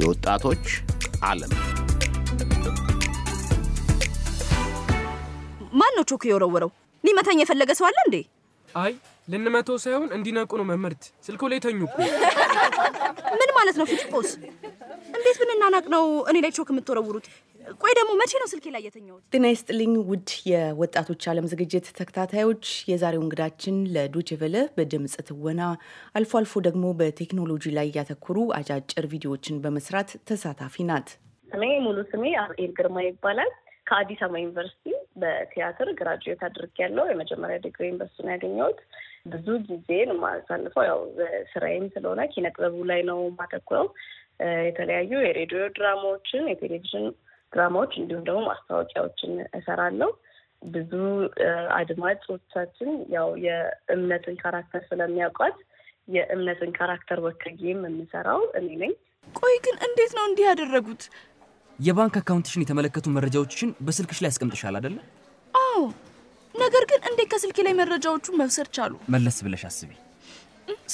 የወጣቶች ዓለም ማን ነው ቾክ የወረወረው? ሊመታኝ የፈለገ ሰው አለ እንዴ? አይ ልንመቶ ሳይሆን እንዲነቁ ነው። መምህርት ስልኮ ላይ ተኙ እኮ። ምን ማለት ነው ፊልጶስ? እንዴት ብንናናቅ ነው እኔ ላይ ቾክ የምትወረውሩት? ቆይ ደግሞ መቼ ነው ስልኬ ላይ የተኛሁት? ጤና ይስጥልኝ ውድ የወጣቶች ዓለም ዝግጅት ተከታታዮች፣ የዛሬው እንግዳችን ለዶችቨለ በድምፅ ትወና አልፎ አልፎ ደግሞ በቴክኖሎጂ ላይ ያተኮሩ አጫጭር ቪዲዮዎችን በመስራት ተሳታፊ ናት። ስሜ ሙሉ ስሜ አብኤል ግርማ ይባላል። ከአዲስ አበባ ዩኒቨርሲቲ በቲያትር ግራጁዌት አድርጌያለሁ። የመጀመሪያ ዲግሪ ዩኒቨርሲቲ ነው ያገኘሁት። ብዙ ጊዜን የማሳልፈው ያው ስራዬም ስለሆነ ኪነጥበቡ ላይ ነው የማተኩረው። የተለያዩ የሬዲዮ ድራማዎችን የቴሌቪዥን ድራማዎች እንዲሁም ደግሞ ማስታወቂያዎችን እሰራለሁ። ብዙ አድማጮቻችን ያው የእምነትን ካራክተር ስለሚያውቋት የእምነትን ካራክተር ወክዬም የምሰራው እኔ ነኝ። ቆይ ግን እንዴት ነው እንዲህ ያደረጉት? የባንክ አካውንትሽን የተመለከቱ መረጃዎችን በስልክሽ ላይ ያስቀምጥሻል አደለ? አዎ። ነገር ግን እንዴት ከስልኬ ላይ መረጃዎቹን መብሰር ቻሉ? መለስ ብለሽ አስቢ።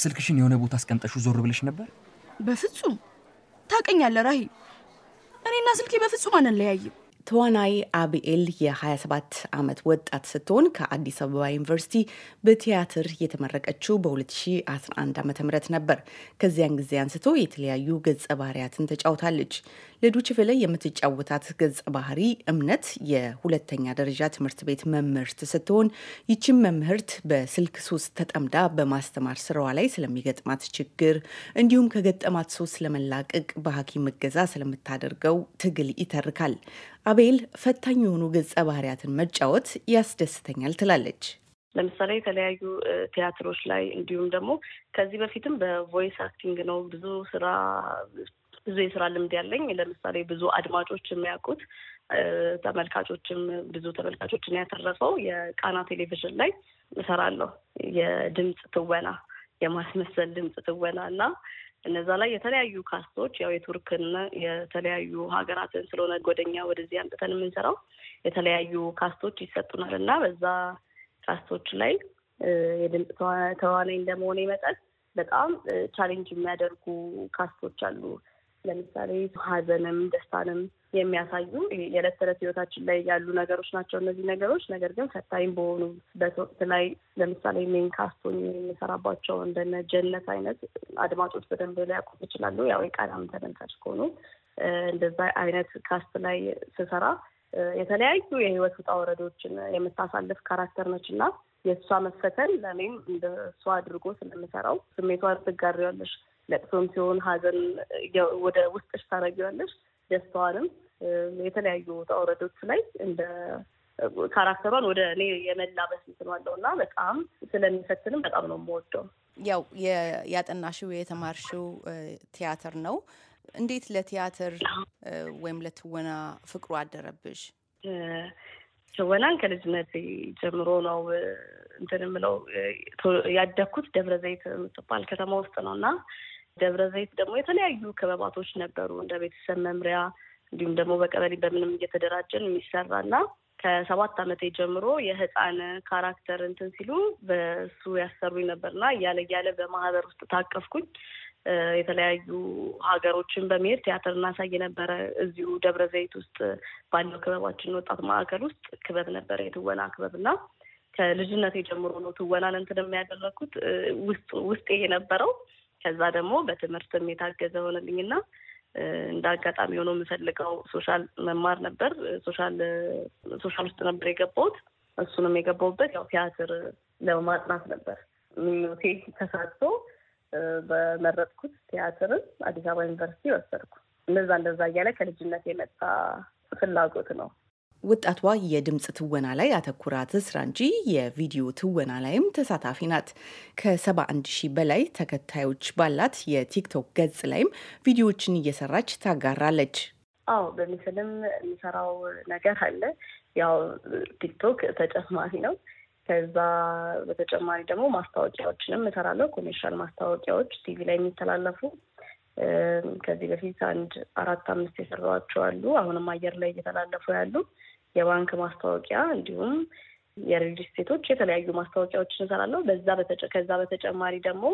ስልክሽን የሆነ ቦታ አስቀምጠሹ ዞር ብለሽ ነበር? በፍጹም ታቀኛለ ራሂል እኔና ስልኬ በፍጹም አንለያይም። ተዋናይ አብኤል የ27 ዓመት ወጣት ስትሆን ከአዲስ አበባ ዩኒቨርሲቲ በቲያትር የተመረቀችው በ2011 ዓ ም ነበር። ከዚያን ጊዜ አንስቶ የተለያዩ ገጸ ባህሪያትን ተጫውታለች። ለዶችቬለ የምትጫወታት ገጸ ባህሪ እምነት የሁለተኛ ደረጃ ትምህርት ቤት መምህርት ስትሆን ይችን መምህርት በስልክ ሱስ ተጠምዳ በማስተማር ስራዋ ላይ ስለሚገጥማት ችግር እንዲሁም ከገጠማት ሱስ ለመላቀቅ በሐኪም እገዛ ስለምታደርገው ትግል ይተርካል። አቤል ፈታኝ የሆኑ ገጸ ባህሪያትን መጫወት ያስደስተኛል ትላለች። ለምሳሌ የተለያዩ ቲያትሮች ላይ እንዲሁም ደግሞ ከዚህ በፊትም በቮይስ አክቲንግ ነው ብዙ ስራ ብዙ የስራ ልምድ ያለኝ። ለምሳሌ ብዙ አድማጮች የሚያውቁት ተመልካቾችም ብዙ ተመልካቾችን ያተረፈው የቃና ቴሌቪዥን ላይ እሰራለሁ የድምፅ ትወና የማስመሰል ድምፅ ትወና እና እነዛ ላይ የተለያዩ ካስቶች ያው የቱርክና የተለያዩ ሀገራትን ስለሆነ ጎደኛ ወደዚህ አምጥተን የምንሰራው የተለያዩ ካስቶች ይሰጡናል እና በዛ ካስቶች ላይ የድምፅ ተዋናይ እንደመሆነ ይመጣል። በጣም ቻሌንጅ የሚያደርጉ ካስቶች አሉ። ለምሳሌ ሀዘንም ደስታንም የሚያሳዩ የዕለት ተዕለት ህይወታችን ላይ ያሉ ነገሮች ናቸው እነዚህ ነገሮች። ነገር ግን ፈታኝ በሆኑ በትወቅት ላይ ለምሳሌ ሜን ካስቶኝ የሚሰራባቸው እንደነ ጀነት አይነት አድማጮች በደንብ ሊያውቁ ይችላሉ። ያው የቃናም ተመልካች ከሆኑ እንደዛ አይነት ካስት ላይ ስሰራ የተለያዩ የህይወት ውጣ ወረዶችን የምታሳልፍ ካራክተር ነች እና የእሷ መፈተን ለእኔም እንደ እሷ አድርጎ ስለምሰራው ስሜቷን ትጋሪዋለሽ። ለቅሶም ሲሆን ሀዘን ወደ ውስጥሽ ታረጊዋለሽ፣ ደስታዋንም የተለያዩ ውጣ ላይ እንደ ካራክተሯን ወደ እኔ የመላበስ እንትን አለው እና በጣም ስለሚፈትንም በጣም ነው የምወደው። ያው ያጠናሽው የተማርሽው ቲያትር ነው። እንዴት ለቲያትር ወይም ለትወና ፍቅሩ አደረብሽ? ትወናን ከልጅነት ጀምሮ ነው እንትን የምለው ያደግኩት ደብረ ዘይት የምትባል ከተማ ውስጥ ነው እና ደብረ ዘይት ደግሞ የተለያዩ ክበባቶች ነበሩ እንደ ቤተሰብ መምሪያ እንዲሁም ደግሞ በቀበሌ በምንም እየተደራጀን የሚሰራና ከሰባት ዓመቴ ጀምሮ የህፃን ካራክተር እንትን ሲሉ በሱ ያሰሩኝ ነበርና እያለ እያለ በማህበር ውስጥ ታቀፍኩኝ። የተለያዩ ሀገሮችን በመሄድ ቲያትር እናሳይ ነበረ። እዚሁ ደብረ ዘይት ውስጥ ባለው ክበባችን ወጣት ማዕከል ውስጥ ክበብ ነበረ፣ የትወና ክበብ እና ከልጅነቴ ጀምሮ ነው ትወናን እንትን የሚያደረግኩት ውስጤ የነበረው። ከዛ ደግሞ በትምህርትም የታገዘ ሆነልኝና እንደ አጋጣሚ ሆኖ የምፈልገው ሶሻል መማር ነበር። ሶሻል ሶሻል ውስጥ ነበር የገባሁት። እሱንም የገባሁበት ያው ቲያትር ለማጥናት ነበር ምኞቴ ተሳትፎ በመረጥኩት ቲያትርን አዲስ አበባ ዩኒቨርሲቲ ወሰድኩ። እንደዛ እንደዛ እያለ ከልጅነት የመጣ ፍላጎት ነው። ወጣቷ የድምፅ ትወና ላይ አተኩራ ትስራ እንጂ የቪዲዮ ትወና ላይም ተሳታፊ ናት። ከ71 ሺህ በላይ ተከታዮች ባላት የቲክቶክ ገጽ ላይም ቪዲዮዎችን እየሰራች ታጋራለች። አዎ በምስልም የሚሰራው ነገር አለ። ያው ቲክቶክ ተጨማሪ ነው። ከዛ በተጨማሪ ደግሞ ማስታወቂያዎችንም እሰራለሁ። ኮሜርሻል ማስታወቂያዎች ቲቪ ላይ የሚተላለፉ ከዚህ በፊት አንድ አራት አምስት የሰሯቸው አሉ። አሁንም አየር ላይ እየተላለፉ ያሉ የባንክ ማስታወቂያ እንዲሁም የሪል የተለያዩ ማስታወቂያዎችን እንሰራለሁ። በዛ ከዛ በተጨማሪ ደግሞ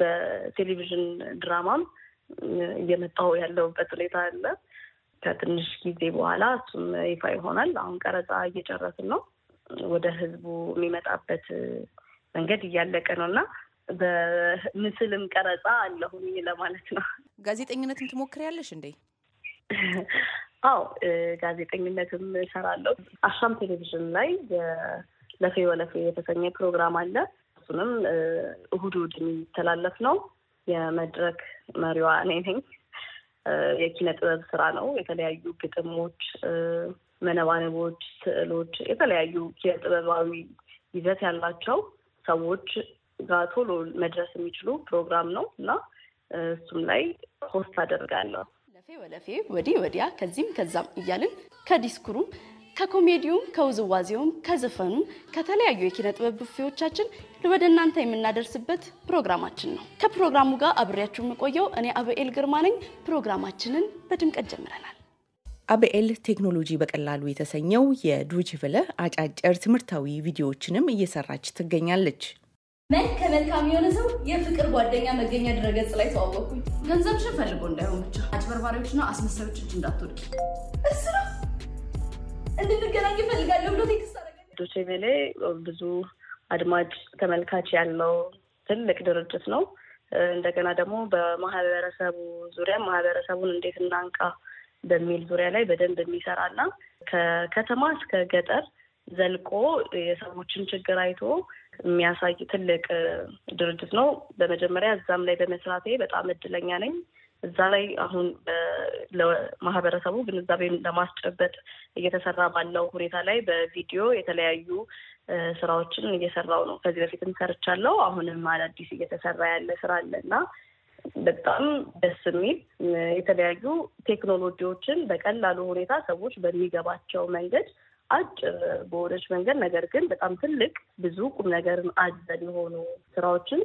በቴሌቪዥን ድራማም እየመጣው ያለሁበት ሁኔታ አለ። ከትንሽ ጊዜ በኋላ እሱም ይፋ ይሆናል። አሁን ቀረጻ እየጨረስን ነው። ወደ ህዝቡ የሚመጣበት መንገድ እያለቀ ነው እና በምስልም ቀረጻ አለሁኝ ለማለት ነው። ጋዜጠኝነትም ትሞክሪያለሽ እንዴ? አዎ ጋዜጠኝነትም እሰራለሁ። አሻም ቴሌቪዥን ላይ ለፌ ወለፌ የተሰኘ ፕሮግራም አለ። እሱንም እሁድ እሁድ የሚተላለፍ ነው። የመድረክ መሪዋ እኔ ነኝ። የኪነ ጥበብ ስራ ነው። የተለያዩ ግጥሞች፣ መነባነቦች፣ ስዕሎች፣ የተለያዩ ኪነ ጥበባዊ ይዘት ያላቸው ሰዎች ጋር ቶሎ መድረስ የሚችሉ ፕሮግራም ነው እና እሱም ላይ ሆስት አደርጋለሁ። ወለፌ ወዲህ ወዲያ ከዚህም ከዛም እያልን ከዲስኩሩም ከኮሜዲውም ከውዝዋዜውም ከዘፈኑም ከተለያዩ የኪነ ጥበብ ቡፌዎቻችን ወደ እናንተ የምናደርስበት ፕሮግራማችን ነው። ከፕሮግራሙ ጋር አብሬያችሁ የምቆየው እኔ አበኤል ግርማ ነኝ። ፕሮግራማችንን በድምቀት ጀምረናል። አበኤል ቴክኖሎጂ በቀላሉ የተሰኘው የዶችቨለ አጫጭር ትምህርታዊ ቪዲዮዎችንም እየሰራች ትገኛለች። መልክ ከመልካም የሆነ ሰው የፍቅር ጓደኛ መገኛ ድረገጽ ላይ ተዋወቅኩኝ። ገንዘብሽን ፈልጎ እንዳይሆን ብቻ አጭበርባሪዎችና አስመሳዮች እጅ እንዳትወድቂ። እሱ እንድንገናኝ ይፈልጋለሁ ብሎ ዶቼ ቬለ ብዙ አድማጭ ተመልካች ያለው ትልቅ ድርጅት ነው። እንደገና ደግሞ በማህበረሰቡ ዙሪያ ማህበረሰቡን እንዴት እናንቃ በሚል ዙሪያ ላይ በደንብ የሚሰራና ከከተማ እስከ ገጠር ዘልቆ የሰዎችን ችግር አይቶ የሚያሳይ ትልቅ ድርጅት ነው። በመጀመሪያ እዛም ላይ በመስራቴ በጣም እድለኛ ነኝ። እዛ ላይ አሁን ለማህበረሰቡ ግንዛቤን ለማስጨበጥ እየተሰራ ባለው ሁኔታ ላይ በቪዲዮ የተለያዩ ስራዎችን እየሰራው ነው። ከዚህ በፊትም ሰርቻለሁ። አሁንም አዳዲስ እየተሰራ ያለ ስራ አለ እና በጣም ደስ የሚል የተለያዩ ቴክኖሎጂዎችን በቀላሉ ሁኔታ ሰዎች በሚገባቸው መንገድ አጭር በሆነች መንገድ ነገር ግን በጣም ትልቅ ብዙ ቁም ነገርን አዘል የሆኑ ስራዎችን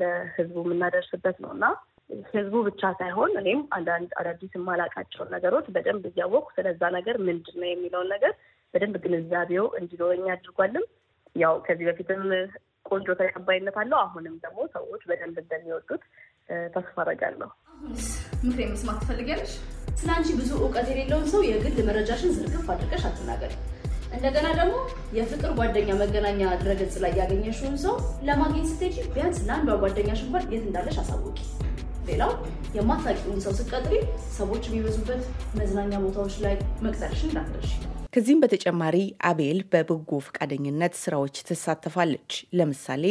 ለህዝቡ የምናደርስበት ነው እና ህዝቡ ብቻ ሳይሆን እኔም አንዳንድ አዳዲስ የማላቃቸውን ነገሮች በደንብ እያወቅኩ ስለዛ ነገር ምንድን ነው የሚለውን ነገር በደንብ ግንዛቤው እንዲኖረኝ አድርጓልም። ያው ከዚህ በፊትም ቆንጆ ተቀባይነት አለው። አሁንም ደግሞ ሰዎች በደንብ እንደሚወዱት ተስፋ አደርጋለሁ። ምክሬ መስማት ትፈልጊያለሽ? ስለ ብዙ እውቀት የሌለውን ሰው የግል መረጃሽን ዝርግፍ አድርገሽ አትናገሪ። እንደገና ደግሞ የፍቅር ጓደኛ መገናኛ ድረገጽ ላይ ያገኘሽውን ሰው ለማግኘት ስትሄጂ ቢያንስ ለአንዷ ጓደኛሽ እንኳን የት እንዳለሽ አሳውቂ። ሌላው የማታውቂውን ሰው ስትቀጥሪ ሰዎች የሚበዙበት መዝናኛ ቦታዎች ላይ መቅጠርሽን እንዳትረሺ። ከዚህም በተጨማሪ አቤል በበጎ ፈቃደኝነት ስራዎች ትሳተፋለች። ለምሳሌ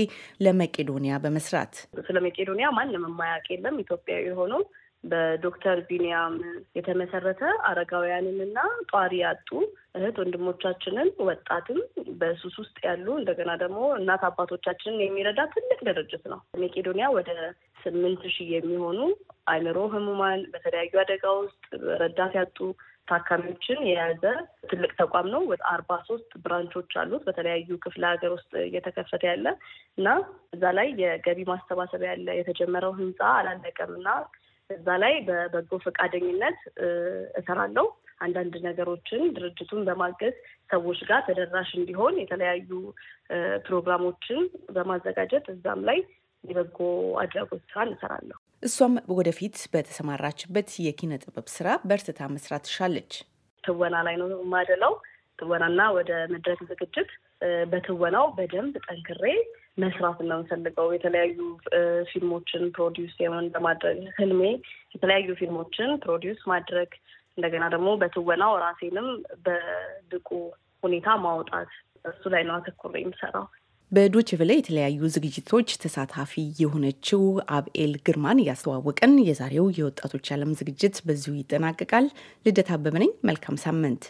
ለመቄዶንያ በመስራት ስለ መቄዶንያ ማንም የማያውቅ የለም ኢትዮጵያዊ የሆነው በዶክተር ቢንያም የተመሰረተ አረጋውያንንና ጧሪ ያጡ እህት ወንድሞቻችንን ወጣትም በሱስ ውስጥ ያሉ እንደገና ደግሞ እናት አባቶቻችንን የሚረዳ ትልቅ ድርጅት ነው። መቄዶንያ ወደ ስምንት ሺህ የሚሆኑ አይምሮ ህሙማን በተለያዩ አደጋ ውስጥ ረዳት ያጡ ታካሚዎችን የያዘ ትልቅ ተቋም ነው። ወደ አርባ ሶስት ብራንቾች አሉት በተለያዩ ክፍለ ሀገር ውስጥ እየተከፈተ ያለ እና እዛ ላይ የገቢ ማሰባሰቢያ ያለ የተጀመረው ህንፃ አላለቀም እና እዛ ላይ በበጎ ፈቃደኝነት እሰራለሁ። አንዳንድ ነገሮችን ድርጅቱን በማገዝ ሰዎች ጋር ተደራሽ እንዲሆን የተለያዩ ፕሮግራሞችን በማዘጋጀት እዛም ላይ የበጎ አድራጎት ስራ እንሰራለሁ። እሷም ወደፊት በተሰማራችበት የኪነ ጥበብ ስራ በእርስታ መስራት ትሻለች። ትወና ላይ ነው ማደለው። ትወናና ወደ መድረክ ዝግጅት በትወናው በደንብ ጠንክሬ መስራት ነው የምፈልገው። የተለያዩ ፊልሞችን ፕሮዲውስ ለማድረግ ህልሜ የተለያዩ ፊልሞችን ፕሮዲውስ ማድረግ እንደገና ደግሞ በትወናው ራሴንም በብቁ ሁኔታ ማውጣት እሱ ላይ ነው አተኩሬ የምሰራው። በዶች የተለያዩ ዝግጅቶች ተሳታፊ የሆነችው አብኤል ግርማን እያስተዋወቀን የዛሬው የወጣቶች ዓለም ዝግጅት በዚሁ ይጠናቀቃል። ልደት አበበ ነኝ። መልካም ሳምንት።